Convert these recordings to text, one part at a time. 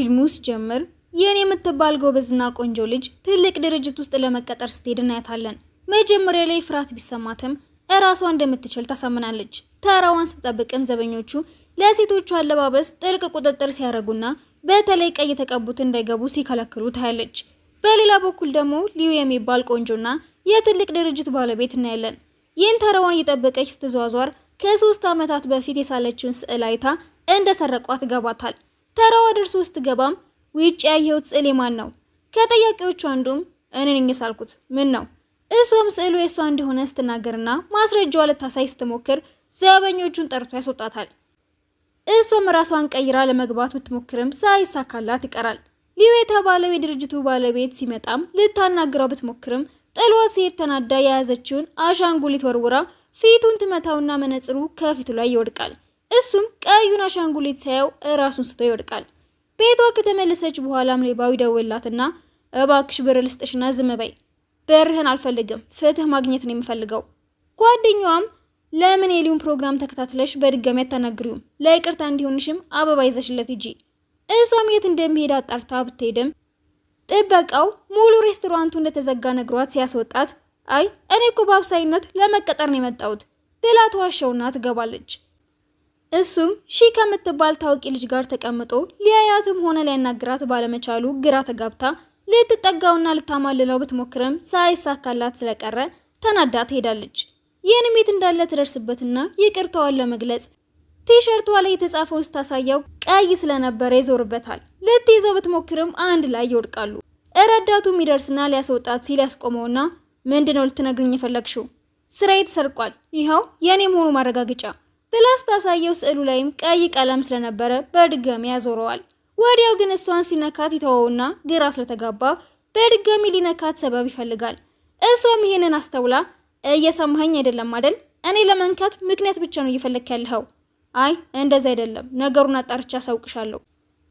ፊልሙ ሲጀምር የኔ የምትባል ጎበዝና ቆንጆ ልጅ ትልቅ ድርጅት ውስጥ ለመቀጠር ስትሄድ እናያታለን። መጀመሪያ ላይ ፍርሃት ቢሰማትም እራሷ እንደምትችል ታሳምናለች። ተራዋን ስትጠብቅም ዘበኞቹ ለሴቶቹ አለባበስ ጥልቅ ቁጥጥር ሲያደርጉና በተለይ ቀይ የተቀቡት እንዳይገቡ ሲከለክሉ ታያለች። በሌላ በኩል ደግሞ ሊዩ የሚባል ቆንጆና የትልቅ ድርጅት ባለቤት እናያለን። ይህን ተራዋን እየጠበቀች ስትዟዟር ከሶስት ዓመታት በፊት የሳለችውን ስዕል አይታ እንደ ሰረቋት ገባታል። ተራዋ ደርሶ ስትገባም ውጭ ያየሁት ስዕል የማን ነው? ከጠያቂዎቹ አንዱም እኔ ነኝ ሳልኩት። ምን ነው እሷም ስዕሉ የእሷ እንደሆነ ስትናገርና ማስረጃዋ ልታሳይ ስትሞክር ዘበኞቹን ጠርቶ ያስወጣታል። እሷም ራሷን ቀይራ ለመግባት ብትሞክርም ሳይሳካላት ይቀራል። ሊዮ የተባለው የድርጅቱ ባለቤት ሲመጣም ልታናግረው ብትሞክርም ጥሎት ሲሄድ ተናዳ የያዘችውን አሻንጉሊት ወርውራ ፊቱን ትመታውና መነጽሩ ከፊቱ ላይ ይወድቃል። እሱም ቀዩን አሻንጉሊት ሳየው ራሱን ስቶ ይወድቃል። ቤቷ ከተመለሰች በኋላም ሌባው ይደውላትና እባክሽ ብር ልስጥሽና ዝም በይ፣ በርህን አልፈልግም፣ ፍትህ ማግኘት ነው የምፈልገው። ጓደኛዋም ለምን የሊውን ፕሮግራም ተከታትለሽ በድጋሚ አታናግሪውም? ለይቅርታ እንዲሆንሽም አበባ ይዘሽለት ሂጂ። እሷም የት እንደሚሄድ አጣርታ ብትሄድም ጥበቃው ሙሉ ሬስቶራንቱ እንደተዘጋ ነግሯት ሲያስወጣት አይ እኔ እኮ በአብሳይነት ለመቀጠር ነው የመጣሁት ብላ ተዋሸውና ትገባለች። እሱም ሺ ከምትባል ታዋቂ ልጅ ጋር ተቀምጦ ሊያያትም ሆነ ሊያናግራት ባለመቻሉ ግራ ተጋብታ ልትጠጋውና ልታማልለው ብትሞክርም ሳይሳካላት ስለቀረ ተናዳ ትሄዳለች። ይህን የት እንዳለ ትደርስበትና ይቅርታዋን ለመግለጽ ቲሸርቷ ላይ የተጻፈውን ስታሳየው ቀይ ስለነበረ ይዞርበታል። ልትይዘው ብትሞክርም አንድ ላይ ይወድቃሉ። ረዳቱም ይደርስና ሊያስወጣት ሲል ያስቆመውና ምንድነው ልትነግርኝ የፈለግሽው? ስራዬ ተሰርቋል፣ ይኸው የእኔ መሆኑ ማረጋገጫ ብላ ስታሳየው ስዕሉ ላይም ቀይ ቀለም ስለነበረ በድጋሚ ያዞረዋል። ወዲያው ግን እሷን ሲነካት ይተወውና ግራ ስለተጋባ በድጋሚ ሊነካት ሰበብ ይፈልጋል። እሷም ይህንን አስተውላ እየሰማኸኝ አይደለም አደል? እኔ ለመንካት ምክንያት ብቻ ነው እየፈለክ ያለኸው። አይ እንደዚ አይደለም፣ ነገሩን አጣርቻ አሳውቅሻለሁ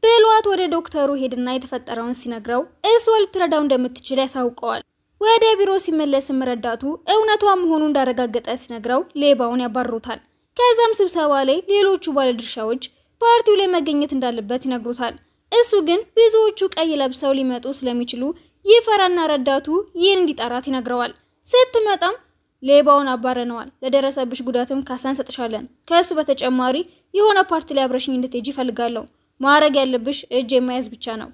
ብሏት ወደ ዶክተሩ ሄድና የተፈጠረውን ሲነግረው እሷ ልትረዳው እንደምትችል ያሳውቀዋል። ወደ ቢሮ ሲመለስም ረዳቱ እውነቷ መሆኑ እንዳረጋገጠ ሲነግረው ሌባውን ያባርሩታል። ከዛም ስብሰባ ላይ ሌሎቹ ባለድርሻዎች ፓርቲው ላይ መገኘት እንዳለበት ይነግሩታል። እሱ ግን ብዙዎቹ ቀይ ለብሰው ሊመጡ ስለሚችሉ ይፈራና ረዳቱ ይህን እንዲጠራት ይነግረዋል። ስትመጣም ሌባውን አባረነዋል፣ ለደረሰብሽ ጉዳትም ካሳ እንሰጥሻለን። ከእሱ በተጨማሪ የሆነ ፓርቲ ላይ አብረሽኝ እንድትሄጂ ይፈልጋለሁ። ማድረግ ያለብሽ እጅ የማያዝ ብቻ ነው።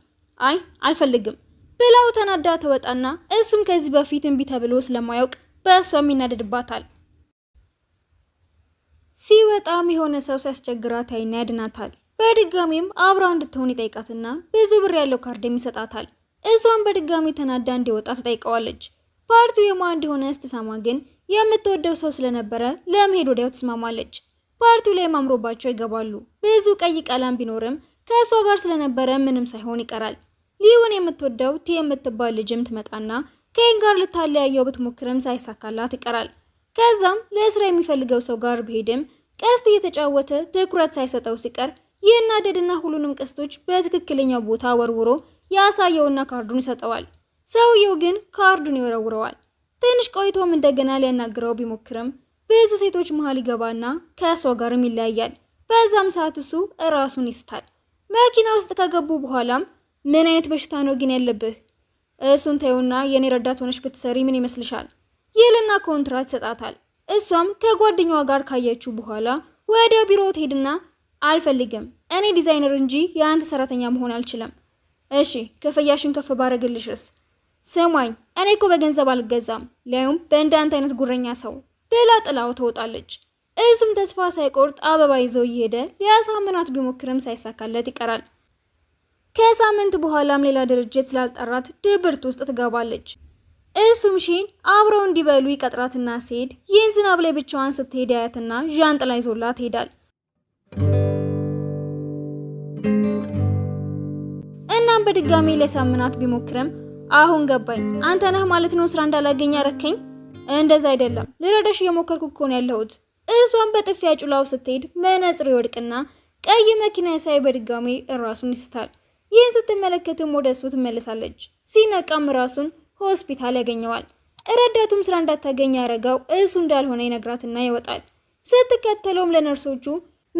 አይ አልፈልግም ብላው ተናዳ ተወጣና እሱም ከዚህ በፊት እምቢ ተብሎ ስለማያውቅ በእሷም ይናደድባታል። ሲወጣም የሆነ ሰው ሲያስቸግራት አይና ያድናታል። በድጋሚም አብራው እንድትሆን ይጠይቃትና ብዙ ብር ያለው ካርድም ይሰጣታል። እሷም በድጋሚ ተናዳ እንዲወጣ ትጠይቀዋለች። ፓርቲው የማ እንደሆነ ስትሰማ ግን የምትወደው ሰው ስለነበረ ለመሄድ ወዲያው ትስማማለች። ፓርቲው ላይ ማምሮባቸው ይገባሉ። ብዙ ቀይ ቀለም ቢኖርም ከእሷ ጋር ስለነበረ ምንም ሳይሆን ይቀራል። ሊሆን የምትወደው ቲ የምትባል ልጅም ትመጣና ከይን ጋር ልታለያየው ብትሞክርም ሳይሳካላት ይቀራል። ከዛም ለስራ የሚፈልገው ሰው ጋር ቢሄድም ቀስት እየተጫወተ ትኩረት ሳይሰጠው ሲቀር ይናደድና ሁሉንም ቀስቶች በትክክለኛው ቦታ ወርውሮ ያሳየውና ካርዱን ይሰጠዋል። ሰውየው ግን ካርዱን ይወረውረዋል። ትንሽ ቆይቶም እንደገና ሊያናግረው ቢሞክርም ብዙ ሴቶች መሀል ይገባና ከእሷ ጋርም ይለያያል። በዛም ሰዓት እሱ እራሱን ይስታል። መኪና ውስጥ ከገቡ በኋላም ምን አይነት በሽታ ነው ግን ያለብህ? እሱን ተይውና የኔ ረዳት ሆነሽ ብትሰሪ ምን ይመስልሻል? ይልና ኮንትራት ይሰጣታል። እሷም ከጓደኛዋ ጋር ካየችው በኋላ ወደ ቢሮ ትሄድና አልፈልግም፣ እኔ ዲዛይነር እንጂ የአንተ ሰራተኛ መሆን አልችልም። እሺ ክፍያሽን ከፍ ባረግልሽስ? ስሟኝ እኔ እኮ በገንዘብ አልገዛም፣ ሊያዩም በእንዳንተ አይነት ጉረኛ ሰው ብላ ጥላው ትወጣለች። እሱም ተስፋ ሳይቆርጥ አበባ ይዘው እየሄደ ሊያሳምናት ቢሞክርም ሳይሳካለት ይቀራል። ከሳምንት በኋላም ሌላ ድርጅት ስላልጠራት ድብርት ውስጥ ትገባለች። እሱም ሺን አብረው እንዲበሉ ይቀጥራትና ሲሄድ ይህን ዝናብ ላይ ብቻዋን ስትሄድ ያያትና ዣንጥላ ይዞላት ትሄዳል። እናም በድጋሚ ለሳምናት ቢሞክርም አሁን ገባኝ፣ አንተ ነህ ማለት ነው ስራ እንዳላገኝ ያረከኝ። እንደዛ አይደለም ልረዳሽ እየሞከርኩ እኮ ነው ያለሁት። እሷን በጥፊያ ጩላው ስትሄድ መነጽር ይወድቅና ቀይ መኪና ሳይ በድጋሚ እራሱን ይስታል። ይህን ስትመለከትም ወደ እሱ ትመለሳለች። ሲነቃም ራሱን ሆስፒታል ያገኘዋል። ረዳቱም ስራ እንዳታገኝ ያደረገው እሱ እንዳልሆነ ይነግራትና ይወጣል። ስትከተለውም ለነርሶቹ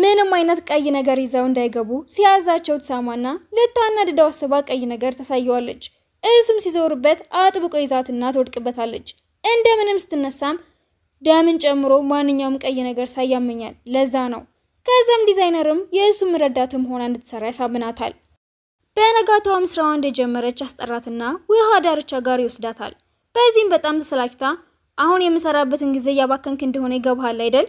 ምንም አይነት ቀይ ነገር ይዘው እንዳይገቡ ሲያዛቸው ትሳማና ልታናድደው አስባ ቀይ ነገር ታሳየዋለች። እሱም ሲዞርበት አጥብቆ ይዛትና ትወድቅበታለች። እንደምንም ስትነሳም ደምን ጨምሮ ማንኛውም ቀይ ነገር ሳያመኛል። ለዛ ነው ከዛም ዲዛይነርም የእሱም ረዳትም ሆና እንድትሰራ ያሳምናታል። በነጋታውም ስራዋ እንደጀመረች አስጠራትና ውሃ ዳርቻ ጋር ይወስዳታል። በዚህም በጣም ተሰላችታ አሁን የምሰራበትን ጊዜ እያባከንክ እንደሆነ ይገባሃል አይደል?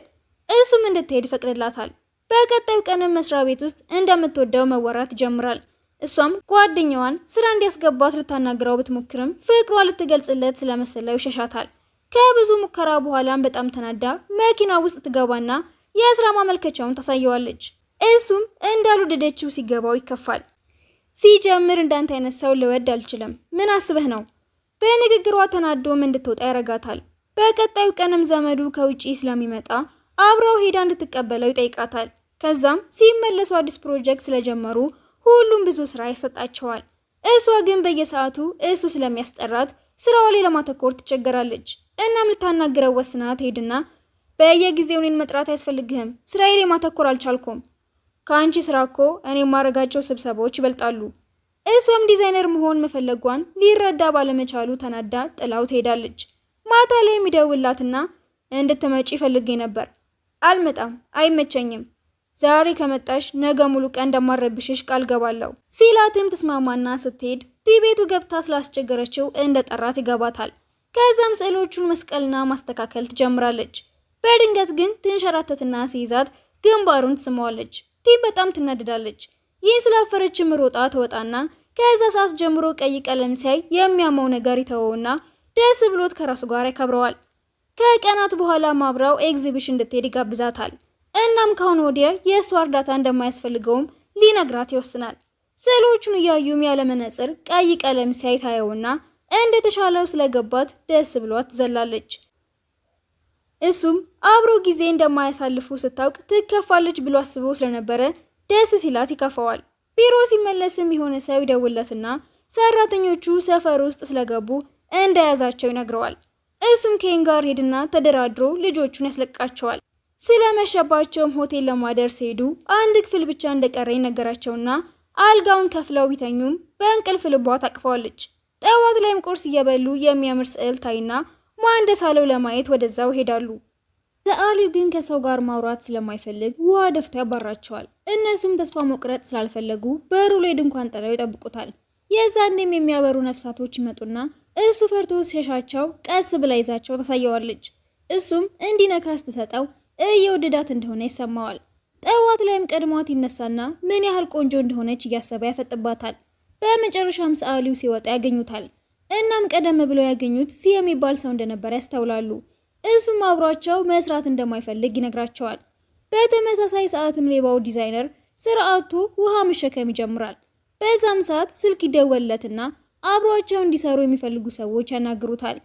እሱም እንድትሄድ ይፈቅድላታል። በቀጣዩ ቀንም መስሪያ ቤት ውስጥ እንደምትወደው መወራት ይጀምራል። እሷም ጓደኛዋን ስራ እንዲያስገባት ልታናግረው ብትሞክርም ፍቅሯ ልትገልጽለት ስለመሰለው ይሸሻታል። ከብዙ ሙከራ በኋላም በጣም ተናዳ መኪና ውስጥ ትገባና የስራ ማመልከቻውን ታሳየዋለች። እሱም እንዳልወደደችው ሲገባው ይከፋል። ሲጀምር እንዳንተ አይነት ሰው ልወድ አልችልም። ምን አስበህ ነው? በንግግሯ ተናዶም እንድትወጣ ያረጋታል። በቀጣዩ ቀንም ዘመዱ ከውጪ ስለሚመጣ አብረው ሄዳ እንድትቀበለው ይጠይቃታል። ከዛም ሲመለሱ አዲስ ፕሮጀክት ስለጀመሩ ሁሉም ብዙ ስራ ይሰጣቸዋል። እሷ ግን በየሰዓቱ እሱ ስለሚያስጠራት ስራዋ ላይ ለማተኮር ትቸገራለች። እናም ልታናግረው ወስና ትሄድና በየጊዜው እኔን መጥራት አያስፈልግህም፣ ስራዬ ላይ ማተኮር አልቻልኩም ከአንቺ ስራ እኮ እኔ የማረጋቸው ስብሰባዎች ይበልጣሉ። እሷም ዲዛይነር መሆን መፈለጓን ሊረዳ ባለመቻሉ ተናዳ ጥላው ትሄዳለች። ማታ ላይ የሚደውላትና እንድትመጪ ፈልጌ ነበር፣ አልመጣም፣ አይመቸኝም፣ ዛሬ ከመጣሽ ነገ ሙሉ ቀን እንደማረብሽሽ ቃል ገባለሁ ሲላትም ትስማማና ስትሄድ ቲቤቱ ገብታ ስላስቸገረችው እንደ ጠራት ይገባታል። ከዛም ስዕሎቹን መስቀልና ማስተካከል ትጀምራለች። በድንገት ግን ትንሸራተትና ሲይዛት ግንባሩን ትስመዋለች። ቲም በጣም ትናደዳለች። ይህ ስላፈረችም ሮጣ ተወጣና ከዛ ሰዓት ጀምሮ ቀይ ቀለም ሲያይ የሚያመው ነገር ይተወውና ደስ ብሎት ከራሱ ጋር ያከብረዋል። ከቀናት በኋላ ማብራው ኤግዚቢሽን እንድትሄድ ይጋብዛታል። እናም ካሁን ወዲያ የእሷ እርዳታ እንደማያስፈልገውም ሊነግራት ይወስናል። ስዕሎቹን እያዩም ያለ መነጽር ቀይ ቀለም ሲያይ ታየውና እንደተሻለው ስለገባት ደስ ብሏት ትዘላለች። እሱም አብሮ ጊዜ እንደማያሳልፉ ስታውቅ ትከፋለች ብሎ አስቦ ስለነበረ ደስ ሲላት ይከፋዋል። ቢሮ ሲመለስም የሆነ ሰው ይደውለትና ሰራተኞቹ ሰፈር ውስጥ ስለገቡ እንደያዛቸው ይነግረዋል። እሱም ኬን ጋር ሄድና ተደራድሮ ልጆቹን ያስለቅቃቸዋል። ስለመሸባቸውም ሆቴል ለማደር ሲሄዱ አንድ ክፍል ብቻ እንደቀረ ይነገራቸውና አልጋውን ከፍለው ቢተኙም በእንቅልፍ ልቧ ታቅፈዋለች። ጠዋት ላይም ቁርስ እየበሉ የሚያምር ስዕል ታይና ውሃ እንደሳለው ለማየት ወደዛው ሄዳሉ። ዘአሊ ግን ከሰው ጋር ማውራት ስለማይፈልግ ውሃ ደፍቶ ያባራቸዋል። እነሱም ተስፋ መቁረጥ ስላልፈለጉ በሩ ላይ ድንኳን ጥለው ይጠብቁታል። የዛኔም የሚያበሩ ነፍሳቶች ይመጡና እሱ ፈርቶ ሲሸሻቸው ቀስ ብላ ይዛቸው ታሳየዋለች። እሱም እንዲነካ ስትሰጠው እየወደዳት እንደሆነ ይሰማዋል። ጠዋት ላይም ቀድሟት ይነሳና ምን ያህል ቆንጆ እንደሆነች እያሰበ ያፈጥባታል። በመጨረሻም ሰአሊው ሲወጣ ያገኙታል። እናም ቀደም ብለው ያገኙት ሲ የሚባል ሰው እንደነበር ያስተውላሉ። እሱም አብሯቸው መስራት እንደማይፈልግ ይነግራቸዋል። በተመሳሳይ ሰዓትም ሌባው ዲዛይነር ስርዓቱ ውሃ መሸከም ይጀምራል። በዛም ሰዓት ስልክ ይደወልለትና አብሯቸው እንዲሰሩ የሚፈልጉ ሰዎች ያናግሩታል።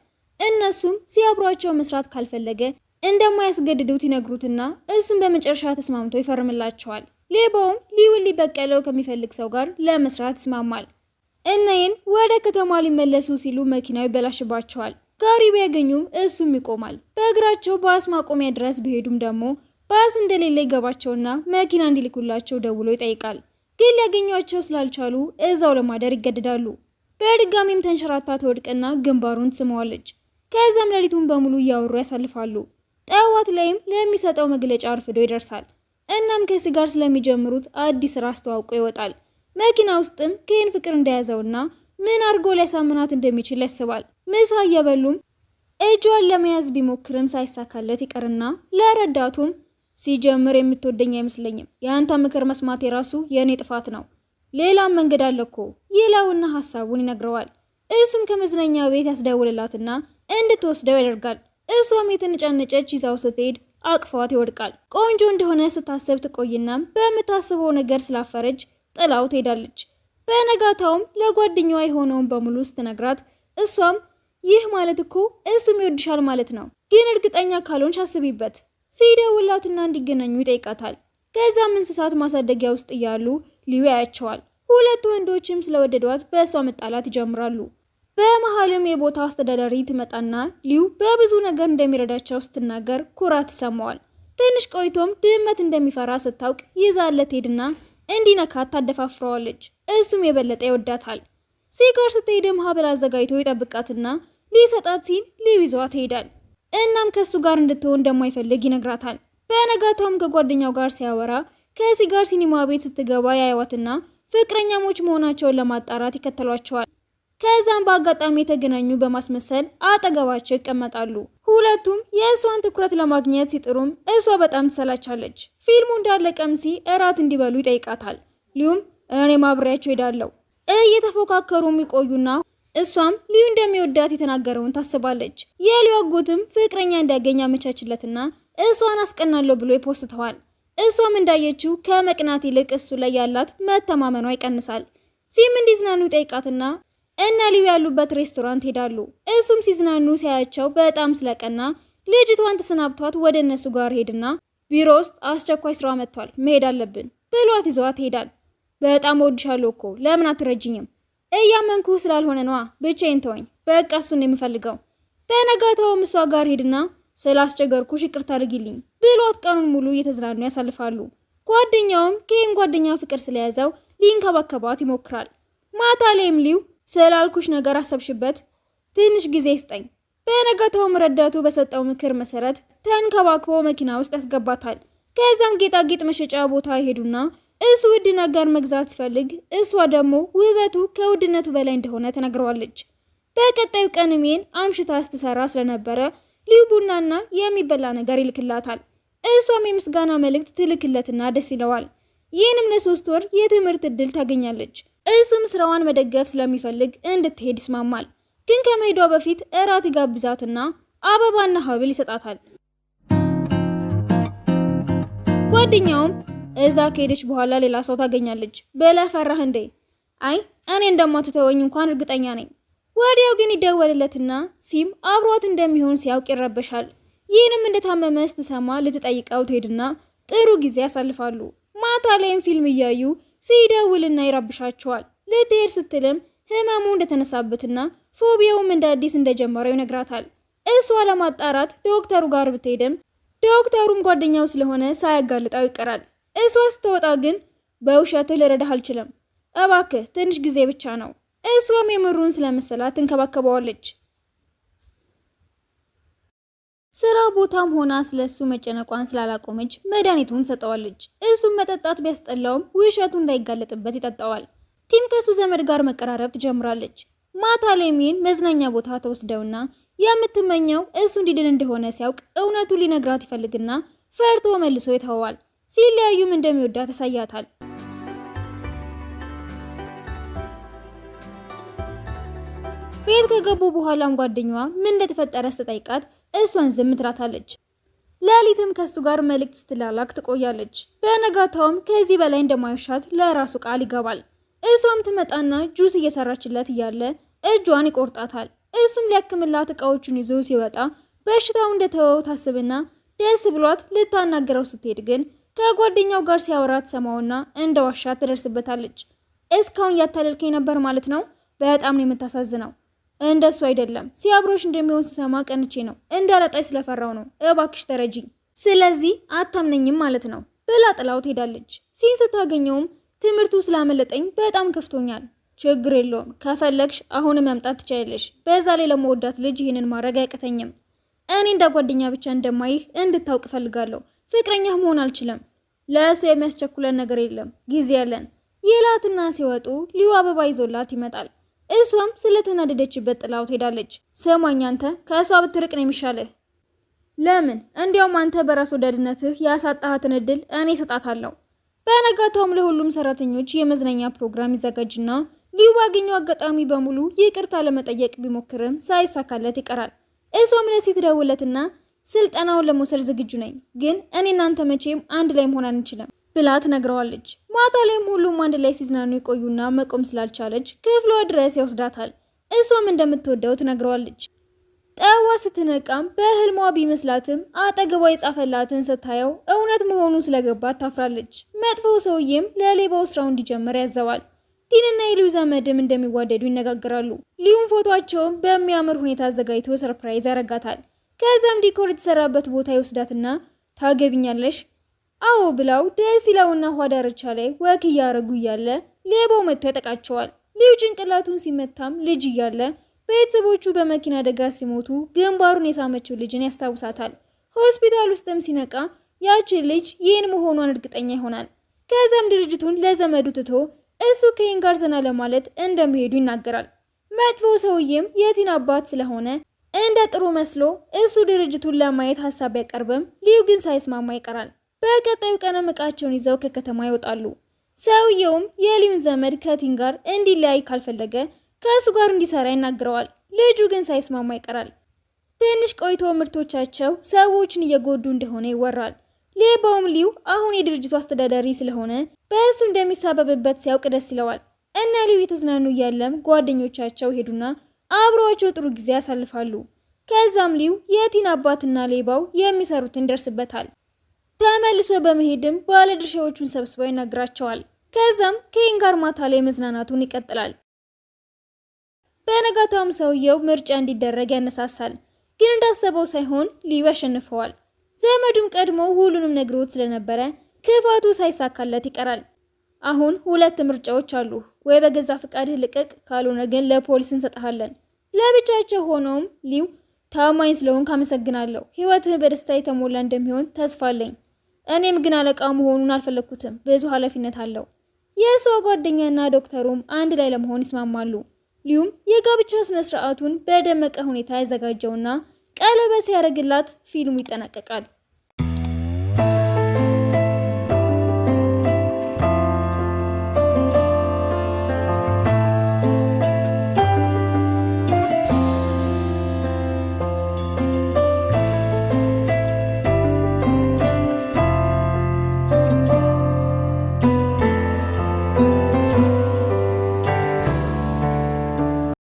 እነሱም ሲ አብሯቸው መስራት ካልፈለገ እንደማያስገድዱት ይነግሩትና እሱም በመጨረሻ ተስማምቶ ይፈርምላቸዋል። ሌባውም ሊውን ሊበቀለው ከሚፈልግ ሰው ጋር ለመስራት ይስማማል። እነይን ወደ ከተማ ሊመለሱ ሲሉ መኪናው ይበላሽባቸዋል። ጋሪ ቢያገኙም እሱም ይቆማል። በእግራቸው ባስ ማቆሚያ ድረስ ቢሄዱም ደግሞ ባስ እንደሌለ ይገባቸውና መኪና እንዲልኩላቸው ደውሎ ይጠይቃል። ግን ሊያገኟቸው ስላልቻሉ እዛው ለማደር ይገደዳሉ። በድጋሚም ተንሸራታ ትወድቅና ግንባሩን ትስመዋለች። ከዛም ሌሊቱን በሙሉ እያወሩ ያሳልፋሉ። ጠዋት ላይም ለሚሰጠው መግለጫ አርፍዶ ይደርሳል። እናም ከስጋር ስለሚጀምሩት አዲስ ስራ አስተዋውቆ ይወጣል። መኪና ውስጥም ከይን ፍቅር እንደያዘውና ምን አድርጎ ሊያሳምናት እንደሚችል ያስባል። ምሳ እየበሉም እጇን ለመያዝ ቢሞክርም ሳይሳካለት ይቀርና ለረዳቱም ሲጀምር የምትወደኝ አይመስለኝም፣ የአንተ ምክር መስማት የራሱ የእኔ ጥፋት ነው፣ ሌላም መንገድ አለኮ እኮ ይለውና ሀሳቡን ይነግረዋል። እሱም ከመዝናኛ ቤት ያስደውልላትና እንድትወስደው ያደርጋል። እሷም የተነጫነጨች ይዛው ስትሄድ አቅፏት ይወድቃል። ቆንጆ እንደሆነ ስታስብ ትቆይና በምታስበው ነገር ስላፈረጅ ጥላው ትሄዳለች። በነጋታውም ለጓደኛዋ የሆነውን በሙሉ ስትነግራት እሷም ይህ ማለት እኮ እሱም ይወድሻል ማለት ነው፣ ግን እርግጠኛ ካልሆንሽ አስቢበት ሲደውላትና እንዲገናኙ ይጠይቃታል። ከዛም እንስሳት ማሳደጊያ ውስጥ እያሉ ሊዩ ያያቸዋል። ሁለቱ ወንዶችም ስለወደዷት በእሷ መጣላት ይጀምራሉ። በመሀልም የቦታ አስተዳዳሪ ትመጣና ሊዩ በብዙ ነገር እንደሚረዳቸው ስትናገር ኩራት ይሰማዋል። ትንሽ ቆይቶም ድመት እንደሚፈራ ስታውቅ ይዛለት ሄድና እንዲነካት ታደፋፍረዋለች። እሱም የበለጠ ይወዳታል። ሲጋር ስትሄድም ሀብል አዘጋጅቶ ይጠብቃትና ሊሰጣት ሲል ሊዩ ይዘዋ ትሄዳል። እናም ከእሱ ጋር እንድትሆን እንደማይፈልግ ይነግራታል። በነጋታውም ከጓደኛው ጋር ሲያወራ ከሲጋር ሲኒማ ቤት ስትገባ ያየዋትና ፍቅረኛሞች መሆናቸውን ለማጣራት ይከተሏቸዋል። ከዛም በአጋጣሚ የተገናኙ በማስመሰል አጠገባቸው ይቀመጣሉ። ሁለቱም የእሷን ትኩረት ለማግኘት ሲጥሩም እሷ በጣም ትሰላቻለች። ፊልሙ እንዳለ ቀምሲ እራት እንዲበሉ ይጠይቃታል። ሊዩም እኔ ማብሬያቸው ሄዳለሁ እየተፎካከሩም ይቆዩና እሷም ሊዩ እንደሚወዳት የተናገረውን ታስባለች። የሊዩ አጎትም ፍቅረኛ እንዲያገኝ አመቻችለትና እሷን አስቀናለሁ ብሎ ይፖስተዋል። እሷም እንዳየችው ከመቅናት ይልቅ እሱ ላይ ያላት መተማመኗ ይቀንሳል። ሲም እንዲዝናኑ ይጠይቃትና እነ ሊው ያሉበት ሬስቶራንት ሄዳሉ። እሱም ሲዝናኑ ሲያያቸው በጣም ስለቀና ልጅቷን ተሰናብቷት ወደ እነሱ ጋር ሄድና ቢሮ ውስጥ አስቸኳይ ስራ መጥቷል፣ መሄድ አለብን ብሏት ይዟት ይሄዳል። በጣም ወድሻለሁ እኮ ለምን አትረጅኝም? እያመንኩ ስላልሆነ ነዋ፣ ብቻዬን ተወኝ፣ በቃ እሱን የምፈልገው። በነጋታው እሷ ጋር ሄድና ስላስቸገርኩሽ ይቅርታ አድርጊልኝ ብሏት ቀኑን ሙሉ እየተዝናኑ ያሳልፋሉ። ጓደኛውም ከይህን ጓደኛ ፍቅር ስለያዘው ሊንከባከባት ይሞክራል። ማታ ላይም ሊው ስላልኩሽ ነገር አሰብሽበት፣ ትንሽ ጊዜ ስጠኝ። በነጋታውም ረዳቱ በሰጠው ምክር መሰረት ተንከባክቦ መኪና ውስጥ ያስገባታል። ከዛም ጌጣጌጥ መሸጫ ቦታ ይሄዱና እሱ ውድ ነገር መግዛት ሲፈልግ፣ እሷ ደግሞ ውበቱ ከውድነቱ በላይ እንደሆነ ተነግረዋለች። በቀጣዩ ቀን ሜን አምሽታ ስትሰራ ስለነበረ ልዩ ቡናና የሚበላ ነገር ይልክላታል። እሷም የምስጋና መልእክት ትልክለትና ደስ ይለዋል። ይህንም ለሶስት ወር የትምህርት ዕድል ታገኛለች። እሱም ስራዋን መደገፍ ስለሚፈልግ እንድትሄድ ይስማማል። ግን ከመሄዷ በፊት እራት ይጋብዛትና አበባና ሀብል ይሰጣታል። ጓደኛውም እዛ ከሄደች በኋላ ሌላ ሰው ታገኛለች ብለህ ፈራህ እንዴ? አይ እኔ እንደማትተወኝ እንኳን እርግጠኛ ነኝ። ወዲያው ግን ይደወልለትና ሲም አብሯት እንደሚሆን ሲያውቅ ይረበሻል። ይህንም እንደታመመ ስትሰማ ልትጠይቀው ትሄድና ጥሩ ጊዜ ያሳልፋሉ። ማታ ላይም ፊልም እያዩ ሲደውልና ይረብሻቸዋል። ልትሄድ ስትልም ህመሙ እንደተነሳበትና ፎቢያውም እንደ አዲስ እንደጀመረው ይነግራታል። እሷ ለማጣራት ዶክተሩ ጋር ብትሄድም ዶክተሩም ጓደኛው ስለሆነ ሳያጋልጣው ይቀራል። እሷ ስትወጣ ግን በውሸትህ ልረዳህ አልችልም፣ እባክህ ትንሽ ጊዜ ብቻ ነው። እሷም የምሩን ስለመሰላት ትንከባከበዋለች። ስራ ቦታም ሆና ስለሱ መጨነቋን ስላላቆመች መድኃኒቱን ሰጠዋለች። እሱም መጠጣት ቢያስጠላውም ውሸቱ እንዳይጋለጥበት ይጠጣዋል። ቲም ከሱ ዘመድ ጋር መቀራረብ ትጀምራለች። ማታ ላይ መዝናኛ ቦታ ተወስደውና የምትመኘው እሱ እንዲድን እንደሆነ ሲያውቅ እውነቱ ሊነግራት ይፈልግና ፈርቶ መልሶ ይተወዋል። ሲለያዩም እንደሚወዳ ተሳያታል። ቤት ከገቡ በኋላም ጓደኛዋ ምን እንደተፈጠረ ስትጠይቃት እሷን ዝም ትላታለች። ሌሊትም ከእሱ ጋር መልእክት ስትላላክ ትቆያለች። በነጋታውም ከዚህ በላይ እንደማይሻት ለራሱ ቃል ይገባል። እሷም ትመጣና ጁስ እየሰራችለት እያለ እጇን ይቆርጣታል። እሱም ሊያክምላት እቃዎቹን ይዞ ሲወጣ በሽታው እንደተወው ታስብና ደስ ብሏት ልታናገረው ስትሄድ ግን ከጓደኛው ጋር ሲያወራት ሰማውና እንደ ዋሻ ትደርስበታለች። እስካሁን እያታለልከኝ ነበር ማለት ነው። በጣም ነው የምታሳዝነው። እንደሱ አይደለም። ሲያብሮሽ እንደሚሆን ሲሰማ ቀንቼ ነው እንዳላጣይ ስለፈራው ነው። እባክሽ ተረጅኝ ስለዚህ አታምነኝም ማለት ነው ብላ ጥላው ትሄዳለች። ሲን ስታገኘውም ትምህርቱ ስላመለጠኝ በጣም ከፍቶኛል። ችግር የለውም ከፈለግሽ አሁን መምጣት ትችላለሽ። በዛ ላይ ለመወዳት ልጅ ይህንን ማድረግ አይቀተኝም። እኔ እንደ ጓደኛ ብቻ እንደማይህ እንድታውቅ እፈልጋለሁ። ፍቅረኛህ መሆን አልችልም። ለእሱ የሚያስቸኩለን ነገር የለም፣ ጊዜ ያለን ይላትና ሲወጡ ሊዩ አበባ ይዞላት ይመጣል። እሷም ስለተናደደችበት ጥላው ትሄዳለች። ስማኝ አንተ ከእሷ ብትርቅ ነው የሚሻልህ። ለምን? እንዲያውም አንተ በራስ ወዳድነትህ ያሳጣሃትን እድል እኔ እሰጣታለሁ። በነጋታውም ለሁሉም ሰራተኞች የመዝናኛ ፕሮግራም ይዘጋጅና ልዩ ባገኘው አጋጣሚ በሙሉ ይቅርታ ለመጠየቅ ቢሞክርም ሳይሳካለት ይቀራል። እሷም ለሴት ደውለትና ስልጠናውን ለመውሰድ ዝግጁ ነኝ፣ ግን እኔ እናንተ መቼም አንድ ላይ መሆን አንችልም ብላ ትነግረዋለች። ማታ ላይም ሁሉም አንድ ላይ ሲዝናኑ ይቆዩና መቆም ስላልቻለች ክፍሏ ድረስ ይወስዳታል። እሷም እንደምትወደው ትነግረዋለች። ጠዋ ስትነቃም በህልሟ ቢመስላትም አጠገቧ የጻፈላትን ስታየው እውነት መሆኑ ስለገባት ታፍራለች። መጥፎ ሰውዬም ለሌባው ስራው እንዲጀምር ያዘዋል። ቲንና የሊዩ ዘመድም እንደሚዋደዱ ይነጋገራሉ። ሊዩም ፎቷቸውን በሚያምር ሁኔታ አዘጋጅቶ ሰርፕራይዝ ያረጋታል። ከዚያም ዲኮር የተሰራበት ቦታ ይወስዳትና ታገቢኛለሽ አዎ ብላው ደስ ይለውና ውሃ ዳርቻ ላይ ወክ እያረጉ እያለ ሌባው መጥቶ ያጠቃቸዋል። ልዩ ጭንቅላቱን ሲመታም ልጅ እያለ ቤተሰቦቹ በመኪና አደጋ ሲሞቱ ግንባሩን የሳመችው ልጅን ያስታውሳታል። ሆስፒታል ውስጥም ሲነቃ ያችን ልጅ ይህን መሆኗን እርግጠኛ ይሆናል። ከዛም ድርጅቱን ለዘመዱ ትቶ እሱ ከይን ጋር ዘና ለማለት እንደሚሄዱ ይናገራል። መጥፎ ሰውዬም የቲን አባት ስለሆነ እንደ ጥሩ መስሎ እሱ ድርጅቱን ለማየት ሀሳብ ያቀርብም፣ ልዩ ግን ሳይስማማ ይቀራል። በቀጣዩ ቀንም እቃቸውን ይዘው ከከተማ ይወጣሉ። ሰውየውም የሊን ዘመድ ከቲን ጋር እንዲለያይ ካልፈለገ ከእሱ ጋር እንዲሰራ ይናግረዋል። ልጁ ግን ሳይስማማ ይቀራል። ትንሽ ቆይቶ ምርቶቻቸው ሰዎችን እየጎዱ እንደሆነ ይወራል። ሌባውም ሊው አሁን የድርጅቱ አስተዳዳሪ ስለሆነ በእርሱ እንደሚሳበብበት ሲያውቅ ደስ ይለዋል እና ሊው የተዝናኑ እያለም ጓደኞቻቸው ሄዱና አብረዋቸው ጥሩ ጊዜ ያሳልፋሉ። ከዛም ሊው የቲን አባትና ሌባው የሚሰሩትን ደርስበታል። ተመልሶ በመሄድም ባለድርሻዎቹን ሰብስበው ይነግራቸዋል። ከዛም ከይን ጋር ማታ ላይ መዝናናቱን ይቀጥላል። በነጋታውም ሰውየው ምርጫ እንዲደረግ ያነሳሳል። ግን እንዳሰበው ሳይሆን ሊዩ ያሸንፈዋል። ዘመዱም ቀድሞ ሁሉንም ነግሮት ስለነበረ ክፋቱ ሳይሳካለት ይቀራል። አሁን ሁለት ምርጫዎች አሉ። ወይ በገዛ ፈቃድህ ልቀቅ፣ ካልሆነ ግን ለፖሊስ እንሰጥሃለን። ለብቻቸው ሆነውም ሊው ታማኝ ስለሆን ካመሰግናለሁ፣ ህይወትህ በደስታ የተሞላ እንደሚሆን ተስፋ አለኝ እኔም ግን አለቃ መሆኑን አልፈለግኩትም። ብዙ ኃላፊነት አለው። የሰው ጓደኛና ዶክተሩም አንድ ላይ ለመሆን ይስማማሉ። ሊዩም የጋብቻ ስነ ስርዓቱን በደመቀ ሁኔታ ያዘጋጀውና ቀለበት ሲያደርግላት ፊልሙ ይጠናቀቃል።